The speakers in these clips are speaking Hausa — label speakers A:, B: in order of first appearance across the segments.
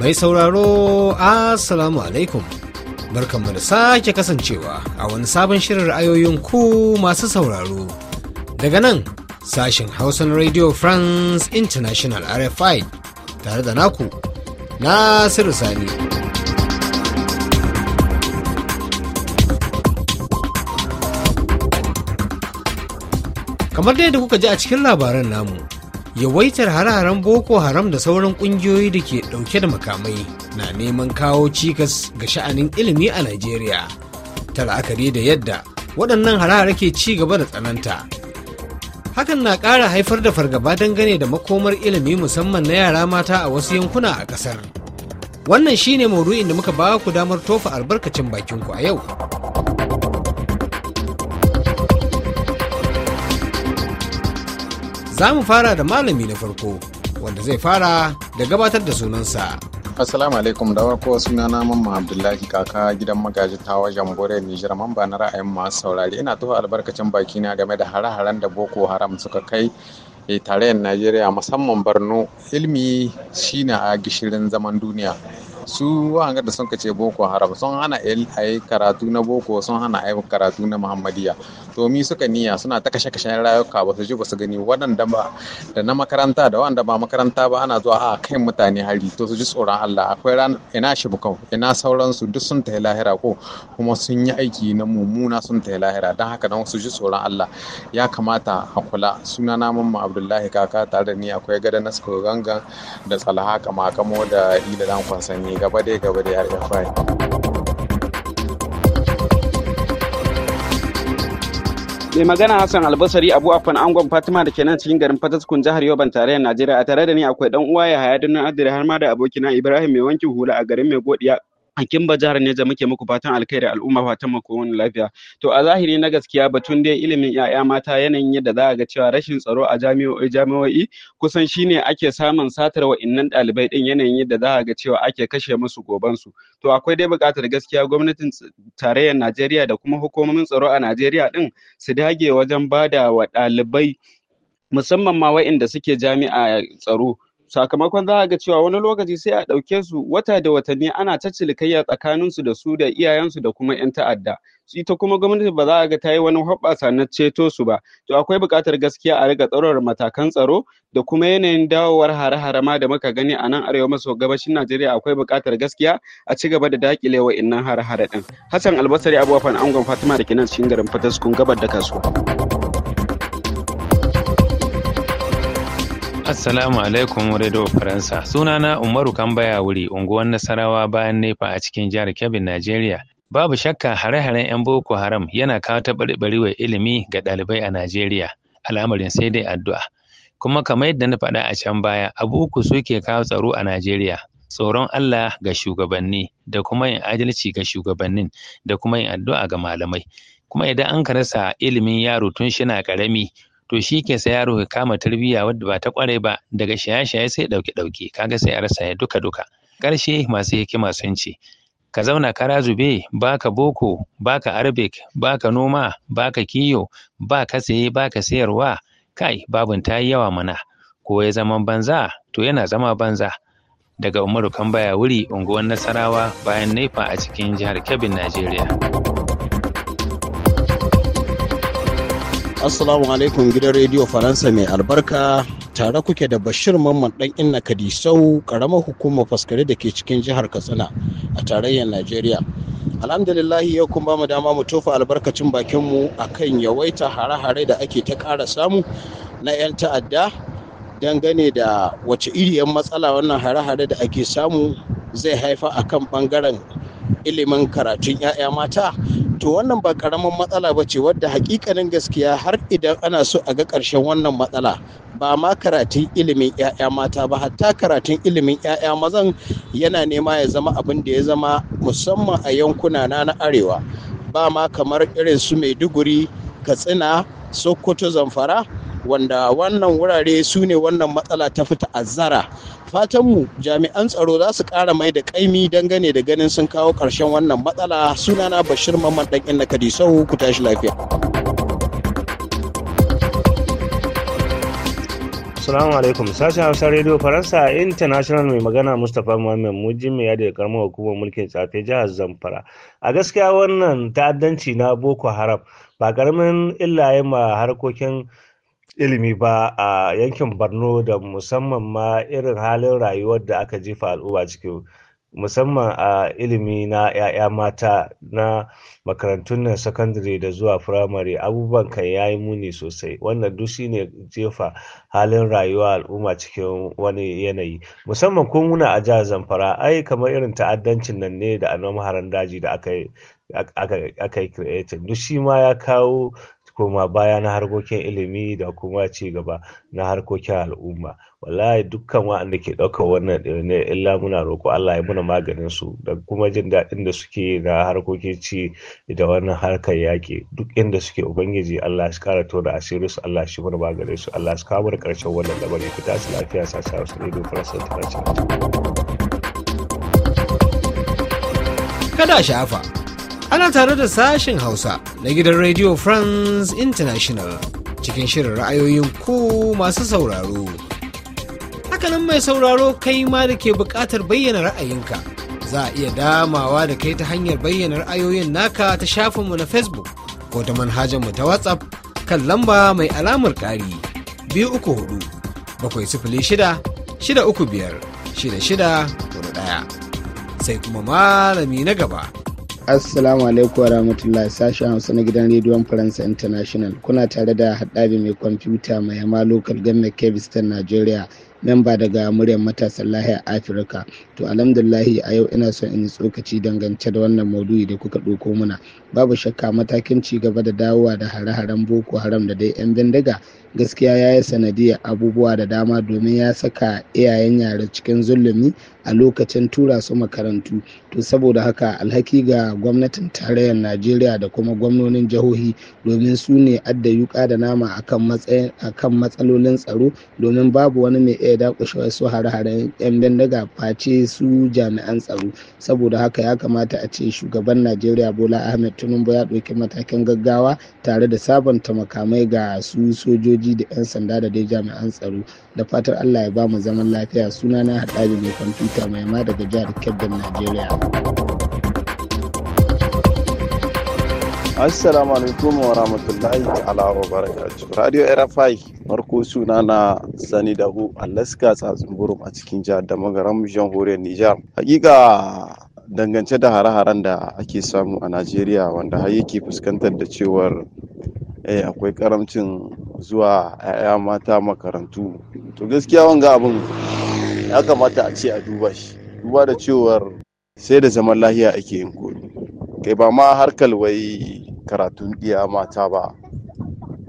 A: Mai sauraro Assalamu alaikum. Barkanmu da sake kasancewa a wani sabon shirin ra'ayoyin ku masu sauraro. Daga nan sashen Hausa na Radio France International RFI tare da naku Nasiru Sani. kamar dai da kuka ji a cikin labaran namu yawaitar hare-haren boko haram da sauran kungiyoyi da ke dauke da makamai na neman kawo cikas ga sha'anin ilimi a najeriya ta la'akari da yadda waɗannan hare-hare ke ci gaba da tsananta hakan na ƙara haifar da fargaba dangane da makomar ilimi musamman na yara mata a wasu yankuna a ƙasar wannan shine maudu'in da muka ba ku damar tofa albarkacin bakinku a yau Za mu fara da malami na farko wanda zai fara da gabatar da sunansa. Assalamu alaikum da suna sunana Mamman Abdullahi kaka gidan magaji ta
B: wajen gore Nijar ba na ra'ayin masu saurari ina tuhu albarkacin baki na game da hare-haren da Boko Haram suka kai eh, tarayyar Najeriya musamman barno ilmi shine a gishirin zaman duniya. su wa'anga da sun kace boko haram sun hana a yi karatu na boko sun hana a karatu na muhammadiya to mi suka niyya suna ta kashe kashen rayuka ba su ji ba su gani waɗanda ba da na makaranta da waɗanda ba makaranta ba ana zuwa a kai mutane hari to su ji tsoron Allah akwai ran ina shibukau ina sauransu duk sun ta lahira ko kuma sun yi aiki na mummuna sun ta lahira don haka nan su ji tsoron Allah ya kamata a kula suna na mamma Abdullahi kaka tare da ni akwai gada na ganga da tsalaha
C: kamakamo da ila dan kwansan gaba dai gaba dai rfi mai magana hassan albasari abu afan angon fatima da ke nan cikin garin fataskun jihar yoban tarayyar najeriya a tare da ni akwai dan uwa ya haya dinnan adira har ma da abokina ibrahim mai wankin hula a garin mai godiya a Kimba jihar Neja muke muku fatan alkhairi al'umma fatan muku wani lafiya to a zahiri na gaskiya batun dai ilimin yaya mata yanayin yadda za a ga cewa rashin tsaro a jami'o'i jami'o'i kusan shine ake samun satar innan ɗalibai din yanayin yadda za a ga cewa ake kashe musu goban su to akwai dai buƙatar gaskiya gwamnatin tarayyar Najeriya da kuma hukumomin tsaro a Najeriya din su dage wajen bada wa ɗalibai musamman ma wa'inda suke jami'a tsaro sakamakon za a ga cewa wani lokaci sai a ɗauke su wata da watanni ana ta cilikayya su da su da iyayensu da kuma 'yan ta'adda ita kuma gwamnati ba za a ga ta yi wani hoɓɓasa na ceto su ba to akwai buƙatar gaskiya a riga tsaron matakan tsaro da kuma yanayin dawowar hare-hare ma da muka gani a nan arewa maso gabashin najeriya akwai buƙatar gaskiya a ci gaba da daƙile innan hare-hare ɗin hassan albasari abubakar angon fatima da ke nan cikin garin fataskun gabar da kasuwa.
D: Assalamu alaikum Radio Faransa. Sunana Umaru Kambaya wuri unguwar Nasarawa bayan Nefa a cikin jihar Kebbi, Najeriya. Babu shakka hare-haren 'yan Boko Haram yana kawo taɓarɓarewar ilimi ga ɗalibai a Najeriya. Al'amarin sai dai addu'a. Kuma kamar yadda na faɗa a can baya, abu uku suke kawo tsaro a Najeriya. Tsoron Allah ga shugabanni da kuma yin adalci ga shugabannin da kuma yin addu'a ga malamai. Kuma idan an ka rasa ilimin yaro tun shi na ƙarami to shi ke sa yaro ya kama tarbiyya wadda ba ta kware ba daga shaye-shaye sai ɗauke-ɗauke, dauke kaga sai a rasa ya duka duka karshe masu hikima sun ce ka zauna kara zube baka boko baka arabic baka noma baka kiyo baka saye baka sayarwa kai babun ta yi yawa mana ko ya zama banza to yana zama banza daga umaru baya wuri unguwar nasarawa bayan nefa a cikin jihar kebbi najeriya
E: Assalamu alaikum gidan rediyo Faransa mai albarka tare kuke da Bashir Mamman dan Inna Kadisau karamar hukumar faskare da ke cikin jihar Katsina a tarayyar Najeriya. Alhamdulillah yau kun ba mu dama mu tofa albarkacin bakin mu akan yawaita hare-hare da ake ta ƙara samu na 'yan ta'adda dangane da wace iriyar matsala wannan hare-hare da ake samu zai haifa akan bangaren ilimin karatun 'ya'ya mata to wannan ba karamin matsala ba ce wadda hakikanin gaskiya har idan ana so a ga ƙarshen wannan matsala ba ma karatun ilimin 'ya'ya mata ba hatta karatun ilimin 'ya'ya mazan yana nema ya zama abin da ya zama musamman a yankuna na na arewa ba ma kamar irin su maiduguri katsina sokoto zamfara wanda wannan wurare su ne wannan matsala ta fita zara? fatanmu jami'an tsaro za su ƙara mai da ƙaimi dangane da ganin sun kawo ƙarshen wannan matsala sunana bashir mamman ɗan inna kadisau ku tashi lafiya
F: Assalamu alaikum sashen Hausa Radio Faransa International mai magana Mustapha muhammed Muji mai yadda da hukumar mulkin tsafe jihar Zamfara. A gaskiya wannan ta'addanci na Boko Haram ba karamin illaye ma harkokin ilimi ba a yankin borno da musamman ma irin halin rayuwar da aka jefa al'umma cikin musamman a ilimi na 'ya'ya mata na makarantun nan sakandare da zuwa firamare abubuwan kan ya yi muni sosai wannan duk shi ne jefa halin rayuwa al'umma cikin wani yanayi musamman ko muna a jihar zamfara ai kamar irin ta'addancin nan ne da annon haran daji da aka yi aka yi creating duk shi ma ya kawo koma baya na harkokin ilimi da kuma ci gaba na harkokin al'umma wallahi dukkan wa'anda ke ɗaukar wannan ne illa muna roƙo Allah ya muna maganin su da kuma jin daɗin da suke na harkokin ci da wannan harkar yaƙi duk inda suke ubangiji Allah ya kara to da su Allah shi muna maganin su Allah su kawo ƙarshen wannan labari ku tashi lafiya sashi Hausa Radio France International.
A: Kada shafa. Ana tare da sashen Hausa na gidan Radio France International cikin shirin ra'ayoyin ku masu sauraro. Hakanan mai sauraro kai ma da ke buƙatar bayyana ra'ayinka. Za a iya damawa da kai ta hanyar bayyana ra'ayoyin naka ta shafinmu na Facebook ko ta manhajarmu ta WhatsApp kan lamba mai alamar ƙari biyu uku hudu bakwai sifili shida shida uku biyar shida shida wani ɗaya sai kuma malami na gaba.
D: Assalamu alaikum warahmatullahi sashen Hausa na gidan rediyon Faransa International. Kuna tare da haɗari mai kwamfuta mai yama lokal government Kebistan Nigeria. memba daga muryar matasan lahiya afirka to alhamdulillahi a yau ina son in yi tsokaci dangance da wannan maudu'i da kuka ɗauko mana. babu shakka matakin ci gaba da dawowa da hare-haren boko haram da dai 'yan bindiga gaskiya ya yi sanadiyar abubuwa da dama domin ya saka iyayen yara cikin zulumi a lokacin tura su makarantu to saboda haka alhaki ga gwamnatin tarayyar najeriya da kuma gwamnonin jihohi domin su ne adda yuka da nama akan matsalolin tsaro domin babu wani mai iya dakushe wasu hare-haren yan bindiga face su jami'an tsaro saboda haka ya kamata a ce shugaban najeriya bola ahmed tinubu ya ɗauki matakin gaggawa tare da sabonta makamai ga su sojoji sojoji da 'yan sanda da dai jami'an tsaro da fatar allah ya ba mu zaman lafiya sunana haɗari mai kwamfuta mai ma daga jihar kebbin nigeria.
G: Assalamu alaikum wa rahmatullahi ta'ala wa Radio RFI marko suna na Sani da a Alaska tsatsun burum a cikin jihar da magaram jamhuriyar Nijar. Hakika dangance da hare-haren da ake samu a Najeriya wanda har yake fuskantar da cewar eh, akwai karamcin zuwa 'ya'ya mata makarantu to gaskiya wanga abin ya kamata a ce a duba shi duba da cewar sai da zaman lahiya ake yin kodi. kai ba ma harkar wai karatun ɗiya mata ba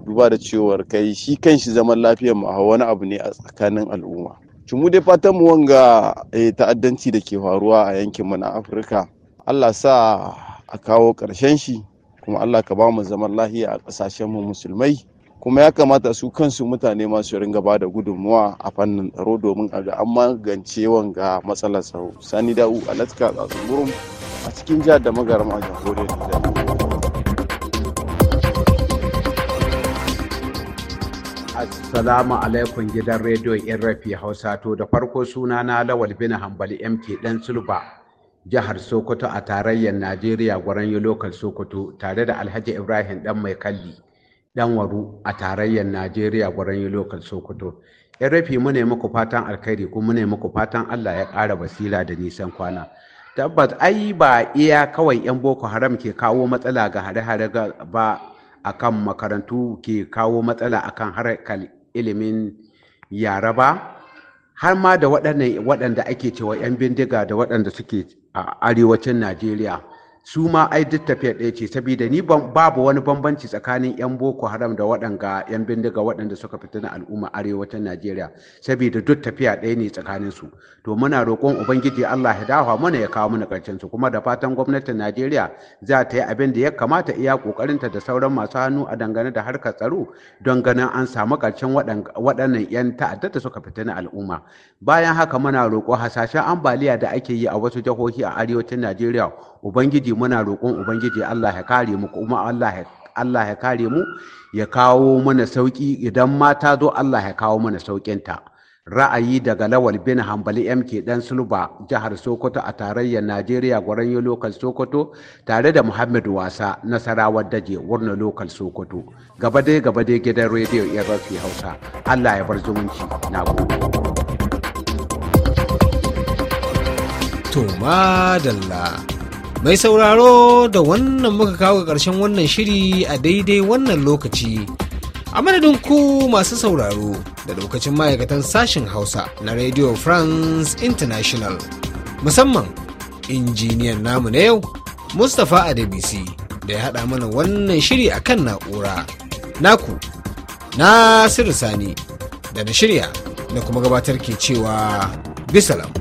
G: duba da cewar kai shi kan shi zaman lafiyar ma wani abu ne a tsakanin al'umma mu dai fatan mu wanga eh, ta'addanci da ke faruwa a yankin mu na afirka allah sa a kawo ƙarshen shi kuma allah ka ba mu zaman lahiya a ƙasashen mu musulmai kuma ya kamata su kansu mutane masu ringa ba da gudunmuwa a fannin tsaro domin a ga an magance wanga matsalar tsaro sani da'u a latka tsatsun a cikin jihar da magarama a jamhuriyar nijar
B: Assalamu alaikum gidan rediyon Irrafi Hausa to da farko suna na Lawal bin Hambali MK dan Sulba jihar Sokoto a tarayyar Najeriya gwaran yi lokal Sokoto tare da Alhaji Ibrahim dan mai kalli Danwaru a tarayyar Najeriya Gwaranyi Lokal Sokoto. ‘Yan rafi mu ne muku fatan alkhairi kuma ne muku fatan Allah ya ƙara basira da nisan kwana. Tabbas ai ba iya kawai ‘yan Boko Haram ke kawo matsala ga hare-hare ba a kan makarantu ke kawo matsala a kan harkar ilimin yara ba har ma da waɗanda ake cewa 'yan bindiga da waɗanda suke a arewacin najeriya su ma ai duk tafiya ɗaya ce saboda ni babu wani bambanci tsakanin 'yan boko haram da waɗanga 'yan bindiga waɗanda suka fita na al'umma arewacin najeriya saboda duk tafiya ɗaya ne tsakanin su to muna roƙon ubangiji allah ya mana ya kawo mana ƙarshen su kuma da fatan gwamnatin najeriya za ta yi abin da ya kamata iya ƙoƙarinta da sauran masu hannu a dangane da harkar tsaro don ganin an samu ƙarshen waɗannan 'yan ta'adda da suka fita na al'umma bayan haka muna roƙo hasashen ambaliya da ake yi a wasu jihohi a arewacin najeriya ubangiji muna roƙon ubangiji Allah ya kare mu kuma Allah ya kare mu ya kawo mana sauki idan mata ta zo Allah ya kawo mana sauƙinta ra'ayi daga lawal bin hambali mk dan sulba jihar sokoto a tarayyar najeriya gwaran yi lokal sokoto tare da muhammad wasa nasarawar daje wurna lokal sokoto gaba dai gaba dai gidan rediyo irrafi hausa
A: allah ya bar zumunci na gobe to madalla Mai sauraro da wannan muka kawo ga ƙarshen wannan shiri a daidai wannan lokaci. A madadin ku masu sauraro da lokacin ma'aikatan sashen Hausa na Radio France International. Musamman injiniyan namu na yau, Mustapha Adebisi da ya haɗa mana wannan shiri a kan na'ura. Naku, Nasiru Sani da na shirya da kuma gabatar ke cewa bisalam.